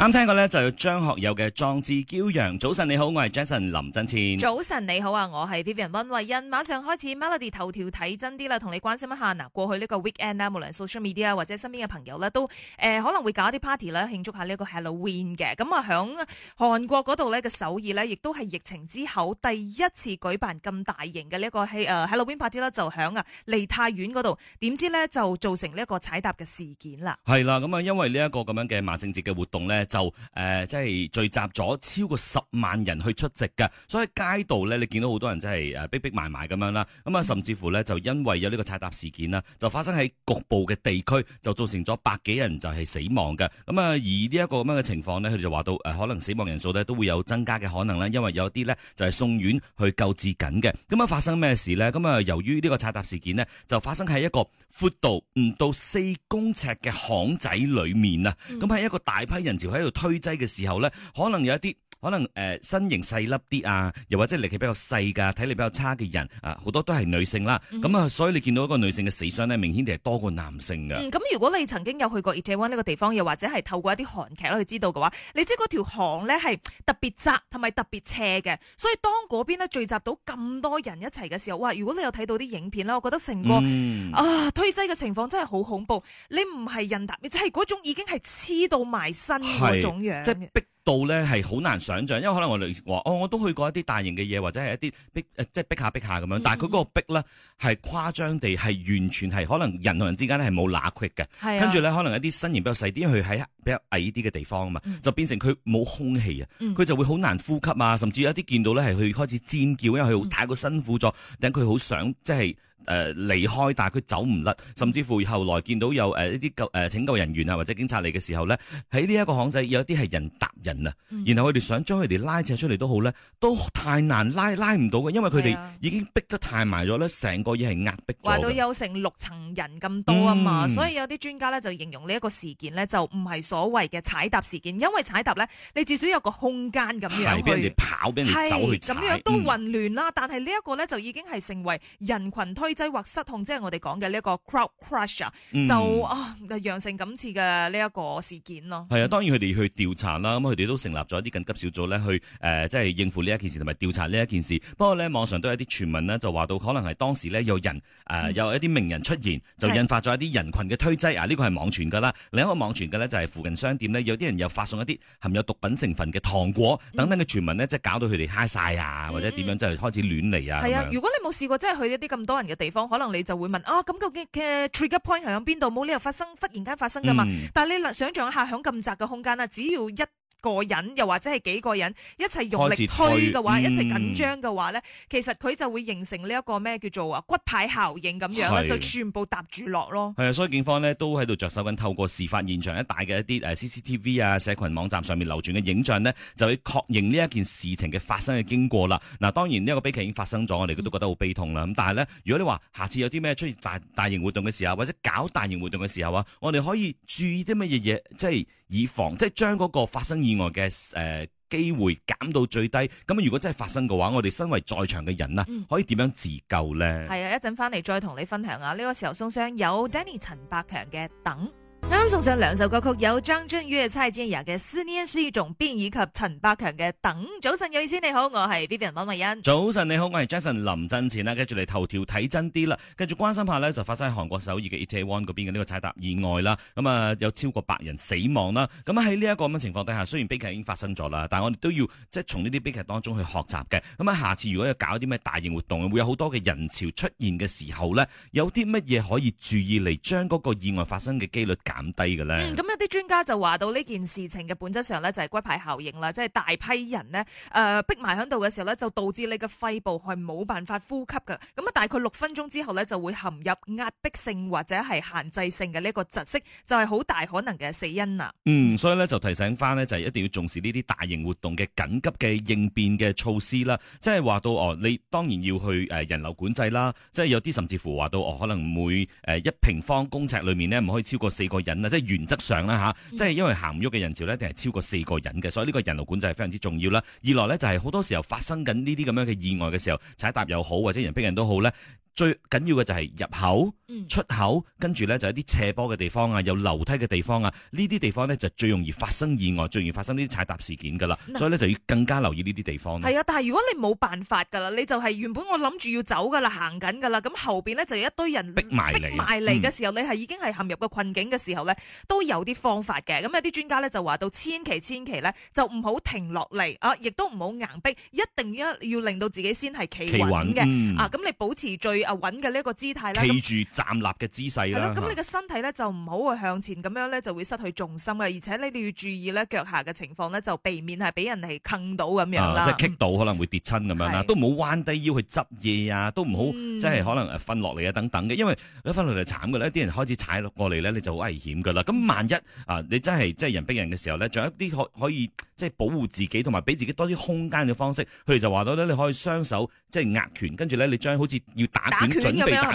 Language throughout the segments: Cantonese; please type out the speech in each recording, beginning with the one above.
啱聽過咧，就張學友嘅《壯志驕陽》。早晨你好，我係 Jason 林振千。早晨你好啊，我係 Vivian 温慧欣。馬上開始 Melody 頭條睇真啲啦，同你關心一下嗱，過去呢個 weekend 咧，無論 social media 或者身邊嘅朋友咧，都、呃、誒可能會搞一啲 party 呢，慶祝下呢個 Halloween 嘅。咁啊響韓國嗰度咧嘅首爾咧，亦都係疫情之後第一次舉辦咁大型嘅呢個誒 Halloween party 啦，就響啊梨泰院嗰度，點知咧就造成呢一個踩踏嘅事件啦。係啦，咁啊因為呢一個咁樣嘅萬聖節嘅活動咧。就、呃、即係聚集咗超過十萬人去出席嘅，所以街道咧，你見到好多人真係逼逼埋埋咁樣啦。咁啊，甚至乎咧，就因為有呢個踩踏，踏事件啦，就發生喺局部嘅地區就造成咗百幾人就係死亡嘅。咁啊，而呢一個咁樣嘅情況咧，佢就話到誒、呃、可能死亡人數咧都會有增加嘅可能咧，因為有啲咧就係、是、送院去救治緊嘅。咁啊，發生咩事咧？咁啊，由於呢個踩踏，踏事件咧，就發生喺一個闊度唔到四公尺嘅巷仔裏面啊，咁係一個大批人潮喺度推擠嘅時候咧，可能有一啲。可能誒身形細粒啲啊，又或者力氣比較細噶，體力比較差嘅人啊，好多都係女性啦。咁啊、嗯，所以你見到一個女性嘅死傷咧，明顯地係多過男性㗎。咁、嗯、如果你曾經有去過、Itaewon 呢個地方，又或者係透過一啲韓劇去知道嘅話，你知嗰條巷咧係特別窄同埋特別斜嘅。所以當嗰邊咧聚集到咁多人一齊嘅時候，哇！如果你有睇到啲影片啦，我覺得成個、嗯、啊推擠嘅情況真係好恐怖。你唔係人踏，你係嗰種已經係黐到埋身嗰種樣。到咧係好難想像，因為可能我哋話哦，我都去過一啲大型嘅嘢，或者係一啲、呃就是、逼即係逼下逼下咁樣。但係佢嗰個逼咧係誇張地係完全係可能人同人之間咧係冇罅隙嘅。係啊，跟住咧可能一啲身形比較細啲，因為佢喺比較矮啲嘅地方啊嘛，就變成佢冇空氣啊，佢、嗯、就會好難呼吸啊，甚至有一啲見到咧係佢開始尖叫，因為佢太過辛苦咗，等佢好想即係。誒，離開，但係佢走唔甩，甚至乎後來見到有誒一啲誒拯救人員啊，或者警察嚟嘅時候咧，喺呢一個巷仔有啲係人搭人啊，嗯、然後佢哋想將佢哋拉扯出嚟都好咧，都太難拉，拉唔到嘅，因為佢哋已經逼得太埋咗咧，成個嘢係壓迫咗。話到有成六層人咁多啊嘛，嗯、所以有啲專家咧就形容呢一個事件咧就唔係所謂嘅踩踏事件，因為踩踏咧你至少有個空間咁樣去，係俾人哋跑，俾人哋走。咁樣都混亂啦。嗯、但係呢一個咧就已經係成為人群推。擠或失控，即、就、係、是、我哋講嘅呢一個 crowd crush、er，嗯、啊，就啊，羊城今次嘅呢一個事件咯。係啊、嗯，當然佢哋去調查啦，咁佢哋都成立咗一啲緊急小組咧，去、呃、誒，即、就、係、是、應付呢一件事同埋調查呢一件事。不過呢，網上都有一啲傳聞呢，就話到可能係當時咧有人誒、呃、有一啲名人出現，就引發咗一啲人群嘅推擠啊。呢個係網傳㗎啦，另一個網傳嘅呢，就係附近商店呢，有啲人又發送一啲含有毒品成分嘅糖果等等嘅傳聞咧，嗯、即係搞到佢哋嗨晒啊，或者點樣即係開始亂嚟啊。係啊、嗯，如果你冇試過，即係去一啲咁多人嘅。地方可能你就會問啊，咁、哦、究竟嘅 trigger point 係響邊度？冇理由發生忽然間發生噶嘛。嗯、但係你想象一下，響咁窄嘅空間啦，只要一個人又或者係幾個人一齊用力推嘅話，嗯、一齊緊張嘅話咧，其實佢就會形成呢一個咩叫做啊骨牌效應咁樣，的就全部搭住落咯。係啊，所以警方咧都喺度着手緊，透過事發現場一帶嘅一啲誒 CCTV 啊、社群網站上面流轉嘅影像呢，就去確認呢一件事情嘅發生嘅經過啦。嗱，當然呢個悲劇已經發生咗，我哋都都覺得好悲痛啦。咁但係咧，如果你話下次有啲咩出現大大型活動嘅時候，或者搞大型活動嘅時候啊，我哋可以注意啲乜嘢嘢，即係。以防即係將嗰個發生意外嘅，誒機會減到最低，咁如果真係發生嘅話，我哋身為在場嘅人啊，嗯、可以點樣自救咧？係啊，一陣翻嚟再同你分享啊！呢、這個時候送上有 Danny 陳百強嘅等。啱啱送上兩首歌曲，有張震嶽、蔡健雅嘅《思念是一種病》以及陳百強嘅《等》。早晨，有意思你好，我係 Vivian 溫慧欣。早晨你好，我係 Jason 林振前啦。跟住嚟頭條睇真啲啦，跟住關心下呢，就發生喺韓國首爾嘅 Itaewon 嗰邊嘅呢、這個踩踏意外啦。咁啊有超過百人死亡啦。咁喺呢一個咁嘅情況底下，雖然悲劇已經發生咗啦，但係我哋都要即係從呢啲悲劇當中去學習嘅。咁啊，下次如果要搞啲咩大型活動，會有好多嘅人潮出現嘅時候呢，有啲乜嘢可以注意嚟將嗰個意外發生嘅幾率減咁低嘅咧，咁，嗯，有啲專家就話到呢件事情嘅本質上咧就係骨牌效應啦，即係大批人呢，誒逼埋喺度嘅時候咧，就導致你嘅肺部係冇辦法呼吸㗎。咁啊，大概六分鐘之後咧就會陷入壓迫性或者係限制性嘅呢個窒息，就係好大可能嘅死因啦。嗯，所以咧就提醒翻呢，就係一定要重視呢啲大型活動嘅緊急嘅應變嘅措施啦，即係話到哦，你當然要去誒人流管制啦，即係有啲甚至乎話到哦，可能每誒一平方公尺裏面呢，唔可以超過四個人。即係原則上啦吓，即係因為行唔喐嘅人潮咧，定係超過四個人嘅，所以呢個人流管制係非常之重要啦。二來咧，就係、是、好多時候發生緊呢啲咁樣嘅意外嘅時候，踩踏又好，或者人逼人都好咧。最緊要嘅就係入口、出口，跟住呢，就一啲斜坡嘅地方啊，有樓梯嘅地方啊，呢啲地方呢，就最容易發生意外，最容易發生呢啲踩踏事件噶啦，所以呢，就要更加留意呢啲地方。係啊，但係如果你冇辦法噶啦，你就係原本我諗住要走噶啦，行緊噶啦，咁後邊呢，就有一堆人逼埋嚟。埋嚟嘅時候，嗯、你係已經係陷入個困境嘅時候呢，都有啲方法嘅。咁有啲專家呢，就話到，千祈千祈呢，就唔好停落嚟啊，亦都唔好硬逼，一定要令到自己先係企穩嘅、嗯、啊。咁你保持最。啊，穩嘅呢個姿態啦，企住站，站立嘅姿勢啦。咁你嘅身體咧就唔好去向前咁樣咧，就會失去重心嘅。的而且你哋要注意咧腳下嘅情況咧，就避免係俾人係坑到咁樣啦、啊。即係棘到可能會跌親咁樣啦。都唔好彎低腰去執嘢啊，都唔好即係可能瞓落嚟啊，等等嘅。因為一瞓落嚟就慘嘅咧，啲人開始踩落過嚟咧，你就好危險噶啦。咁萬一啊，你真係即係人逼人嘅時候咧，仲有一啲可可以即係保護自己同埋俾自己多啲空間嘅方式。譬如就話到咧，你可以雙手即係握拳，跟住咧你將好似要打。打拳準備打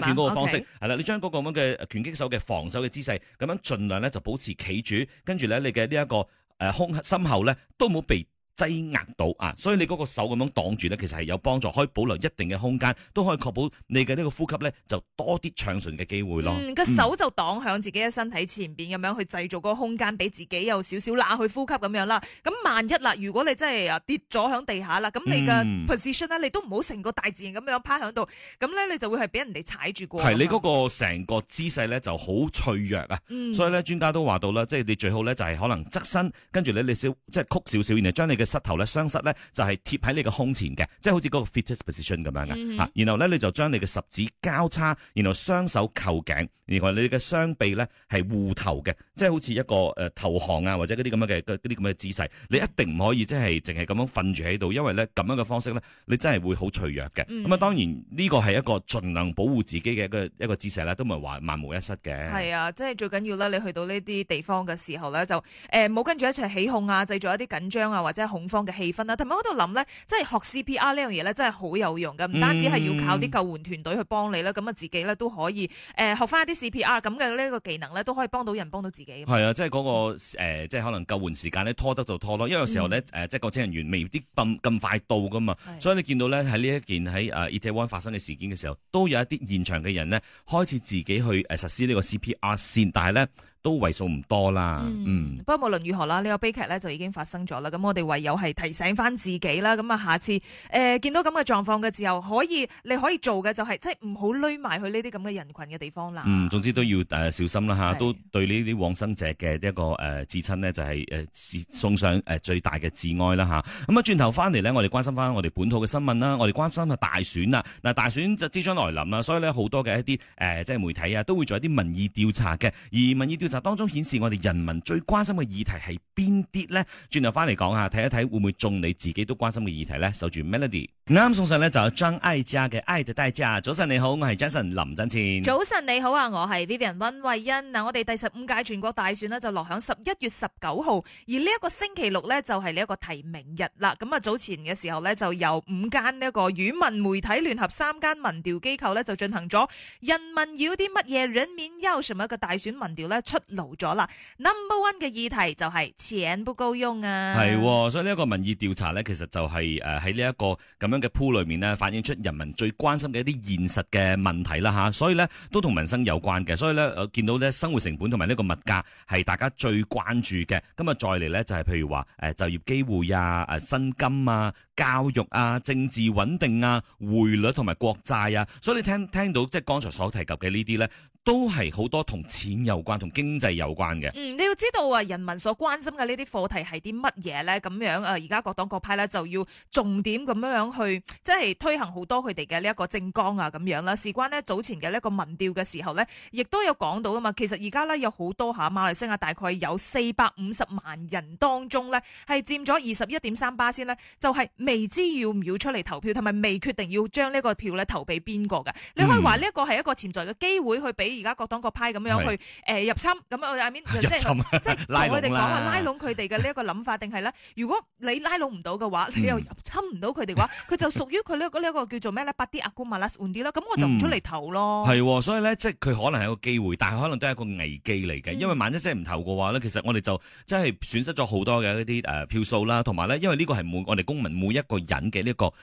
拳個方式係啦，okay，你將嗰個咁嘅拳擊手嘅防守嘅姿勢咁樣盡量咧就保持企住，跟住咧你嘅呢一個誒胸心後咧都冇被。擠壓到啊，所以你嗰個手咁樣擋住咧，其實係有幫助，可以保留一定嘅空間，都可以確保你嘅呢個呼吸咧就多啲暢順嘅機會咯。嗯，個手就擋響自己嘅身體前邊，咁樣去製造個空間俾自己有少少罅去呼吸咁樣啦。咁萬一啦，如果你真係啊跌咗響地下啦，咁你嘅 position 咧，你都唔好成個大自然咁樣趴響度，咁咧你就會係俾人哋踩住過。係，你嗰個成個姿勢咧就好脆弱啊。嗯，所以咧專家都話到啦，即係你最好咧就係可能側身，跟住你你少即係曲少少，然後將你嘅膝頭咧，雙膝咧就係貼喺你個胸前嘅，即係好似嗰個 fitness position 咁樣嘅吓。Hmm. 然後咧，你就將你嘅十指交叉，然後雙手扣頸，然後你嘅雙臂咧係護頭嘅，即係好似一個誒、呃、投降啊，或者嗰啲咁嘅啲咁嘅姿勢。你一定唔可以即係淨係咁樣瞓住喺度，因為咧咁樣嘅方式咧，你真係會好脆弱嘅。咁啊、mm，hmm. 當然呢、呢個係一個盡量保護自己嘅一個一個姿勢咧，都唔係話萬無一失嘅。係啊，即係最緊要咧，你去到呢啲地方嘅時候咧，就誒冇、呃、跟住一齊起，起哄啊，製造一啲緊張啊，或者，恐慌嘅氣氛啊，同埋我度諗咧，即係學 CPR 呢樣嘢咧，真係好有用嘅，唔單止係要靠啲救援團隊去幫你啦，咁啊、嗯、自己咧都可以誒、呃、學翻一啲 CPR 咁嘅呢個技能咧，都可以幫到人，幫到自己。係啊，即係嗰個即係、呃就是、可能救援時間咧拖得就拖咯，因為有時候咧誒，即係救生人員未必咁咁快到噶嘛，是所以你見到咧喺呢一件喺啊 Itaewon e 發生嘅事件嘅時候，都有一啲現場嘅人咧開始自己去誒實施呢個 CPR 先，但係咧。都為數唔多啦，嗯，不過無論如何啦，呢、這個悲劇咧就已經發生咗啦，咁我哋唯有係提醒翻自己啦，咁啊下次誒、呃、見到咁嘅狀況嘅時候，可以你可以做嘅就係、是、即係唔好匿埋去呢啲咁嘅人群嘅地方啦。嗯，總之都要誒、呃、小心啦吓，是都對呢啲往生者嘅一個誒至親咧就係、是、誒、呃、送上誒最大嘅致哀啦吓。咁啊轉頭翻嚟呢，我哋關心翻我哋本土嘅新聞啦，我哋關心下大選啦，嗱大選就即將來臨啦，所以呢，好多嘅一啲誒即係媒體啊都會做一啲民意調查嘅，而民意調查。當當中顯示我哋人民最關心嘅議題係邊啲呢？轉頭翻嚟講下，睇一睇會唔會中你自己都關心嘅議題呢？守住 Melody，啱送上呢就有張艾嘉嘅《愛的代價》。早晨你好，我係 Jason 林振前。早晨你好啊，我係 Vivian 温慧欣。嗱，我哋第十五屆全國大選呢就落響十一月十九號，而呢一個星期六呢就係呢一個提名日啦。咁啊早前嘅時候呢就由五間呢一個語文媒體聯合三間民調機構呢就進行咗人民要啲乜嘢、人民憂什麼嘅大選民調呢。出。老咗啦！Number one 嘅議題就係錢不夠用啊，係、哦，所以呢一個民意調查咧，其實就係誒喺呢一個咁樣嘅鋪裏面咧，反映出人民最關心嘅一啲現實嘅問題啦吓，所以咧都同民生有關嘅，所以咧誒見到咧生活成本同埋呢個物價係大家最關注嘅，咁啊再嚟咧就係、是、譬如話誒、呃、就業機會啊誒薪、啊、金啊。教育啊、政治穩定啊、匯率同埋國債啊，所以你聽聽到即係剛才所提及嘅呢啲咧，都係好多同錢有關、同經濟有關嘅。嗯，你要知道啊，人民所關心嘅呢啲課題係啲乜嘢咧？咁樣啊，呃、而家各黨各派咧就要重點咁樣去，即係推行好多佢哋嘅呢一個政綱啊，咁樣啦。事關呢，早前嘅呢一個民調嘅時候咧，亦都有講到噶嘛。其實而家咧有好多下、啊、馬來西亞大概有四百五十萬人當中咧，係佔咗二十一點三巴仙呢，就係。未知要唔要出嚟投票，同埋未決定要將呢個票咧投俾邊個嘅？嗯、你可以話呢一個係一個潛在嘅機會去俾而家各黨各派咁樣去誒入侵，咁我即係同佢哋講話拉攏佢哋嘅呢一個諗法，定係咧？如果你拉攏唔到嘅話，你又入侵唔到佢哋嘅話，佢、嗯、就屬於佢呢個叫做咩呢？不啲阿哥麻甩換啲啦，咁我就唔出嚟投咯。係、嗯哦，所以咧即係佢可能係一個機會，但係可能都係一個危機嚟嘅。嗯、因為萬一係唔投嘅話咧，其實我哋就真係損失咗好多嘅一啲誒票數啦，同埋咧，因為呢個係我哋公民每一個人嘅呢個誒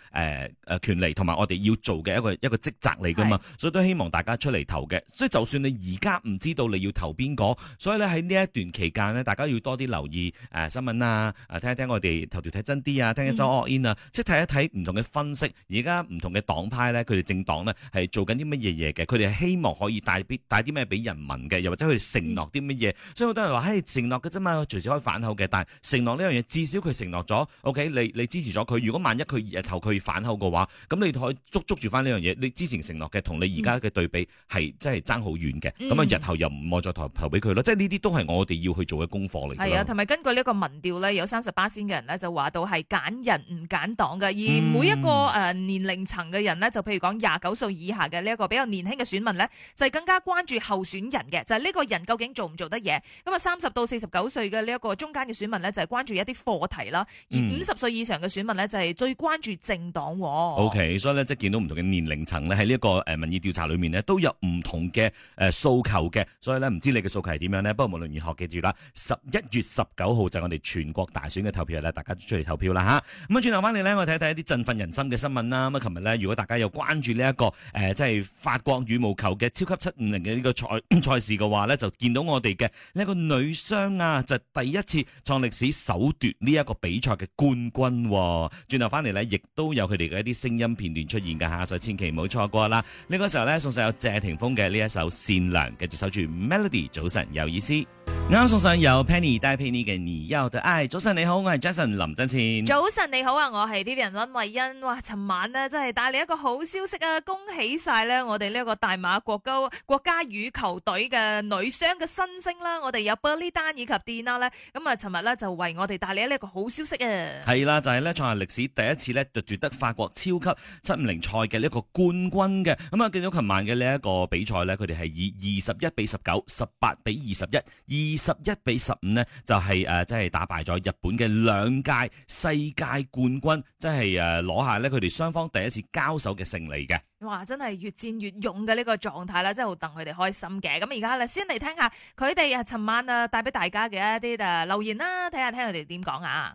誒權利，同埋我哋要做嘅一個一個職責嚟㗎嘛，所以都希望大家出嚟投嘅。所以就算你而家唔知道你要投邊個，所以咧喺呢一段期間咧，大家要多啲留意誒新聞啊，誒聽一聽我哋頭條睇真啲啊，聽一聽周學煙啊，即係睇一睇唔同嘅分析。而家唔同嘅黨派咧，佢哋政黨咧係做緊啲乜嘢嘢嘅？佢哋係希望可以帶啲帶啲咩俾人民嘅，又或者佢哋承諾啲乜嘢？所以好多人都話：嘿，承諾嘅啫嘛，隨時可以反口嘅。但係承諾呢樣嘢，至少佢承諾咗，OK，你你支持咗佢。如果萬一佢日後佢反口嘅話，咁你可以捉捉住翻呢樣嘢。你之前承諾嘅同你而家嘅對比係真係爭好遠嘅。咁啊、嗯、日後又唔再投投俾佢啦。即係呢啲都係我哋要去做嘅功課嚟。嘅。係啊，同埋根據呢一個民調咧，有三十八先嘅人咧就話到係揀人唔揀黨嘅。而每一個誒年齡層嘅人咧，就譬如講廿九歲以下嘅呢一個比較年輕嘅選民咧，就係、是、更加關注候選人嘅，就係、是、呢個人究竟做唔做得嘢。咁啊，三十到四十九歲嘅呢一個中間嘅選民咧，就係關注一啲課題啦。而五十歲以上嘅選民咧。就係最關注政黨，哦。OK，所以咧即係見到唔同嘅年齡層咧喺呢一個誒民意調查裏面呢都有唔同嘅誒訴求嘅，所以咧唔知你嘅訴求係點樣呢？不過無論如何，記住啦，十一月十九號就係我哋全國大選嘅投票日啦，大家都出嚟投票啦吓，咁啊，轉頭翻嚟呢，我睇睇一啲振奮人心嘅新聞啦。咁啊，琴日呢，如果大家有關注呢、呢、一個誒，即、呃、係法國羽毛球嘅超級七五零嘅呢個賽、賽事嘅話呢，就見到我哋嘅呢一個女雙啊，就係、第一次創歷史首奪呢一個比賽嘅冠軍。啊轉頭翻嚟咧，亦都有佢哋嘅一啲聲音片段出現㗎，下，所以千祈唔好錯過啦！呢個時候咧，送上有謝霆鋒嘅呢一首《善良》，繼續守住 Melody，早晨有意思。啱送上有 Penny 帶俾你嘅二休嘅，哎，早晨你好，我係 Jason 林振倩。早晨你好啊，我係 Vivian 溫慧欣。哇，尋晚呢真係帶嚟一個好消息啊！恭喜晒咧我哋呢一個大馬國高國家羽球隊嘅女雙嘅新星啦，啊，我哋有 Berly 丹以及 Dina 咧，咁啊尋日咧就為我哋帶嚟一個好消息啊！係啦，就係咧創下歷史第一次咧就奪得法國超級七五零賽嘅呢一個冠軍嘅，咁啊見到尋晚嘅呢一個比賽咧，佢哋係以二十一比十九、十八比二十一、二。十一比十五咧，就係誒即係打敗咗日本嘅兩屆世界冠軍，即係誒攞下咧佢哋雙方第一次交手嘅勝利嘅。哇！真係越戰越勇嘅呢個狀態啦，真係好戥佢哋開心嘅。咁而家咧，先嚟聽下佢哋啊，尋晚啊帶俾大家嘅一啲誒留言啦，睇下聽佢哋點講啊。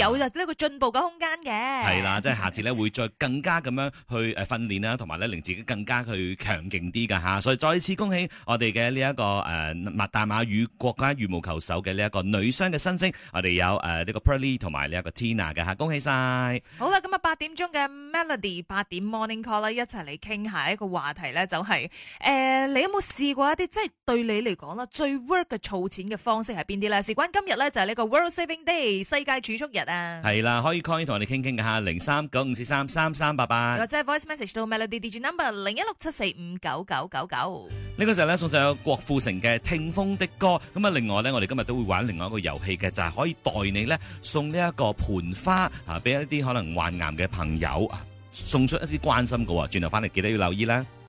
有就呢個進步嘅空間嘅，係啦，即係下次咧會再更加咁樣去誒訓練啦，同埋咧令自己更加去強勁啲噶嚇，所以再次恭喜我哋嘅呢一個誒、呃、大馬羽國家羽毛球手嘅呢一個女雙嘅新星，我哋有誒呢、呃這個 Pearly 同埋呢一個 Tina 嘅嚇，恭喜晒！好啦，咁啊八點鐘嘅 Melody 八點 Morning Call 啦，一齊嚟傾下一個話題咧、就是，就係誒你有冇試過一啲即係對你嚟講啦最 work 嘅儲錢嘅方式係邊啲咧？事關今日咧就係、是、呢個 World Saving Day 世界儲蓄日。係啦、啊，可以 call 同我哋傾傾噶吓，零三九五四三三三八八，或者 voice message 到 Melody DJ number 零一六七四五九九九九。呢個時候咧送上有郭富城嘅聽風的歌。咁啊，另外咧我哋今日都會玩另外一個遊戲嘅，就係、是、可以代你咧送呢一個盆花啊，俾一啲可能患癌嘅朋友啊，送出一啲關心嘅啊。轉頭翻嚟記得要留意啦。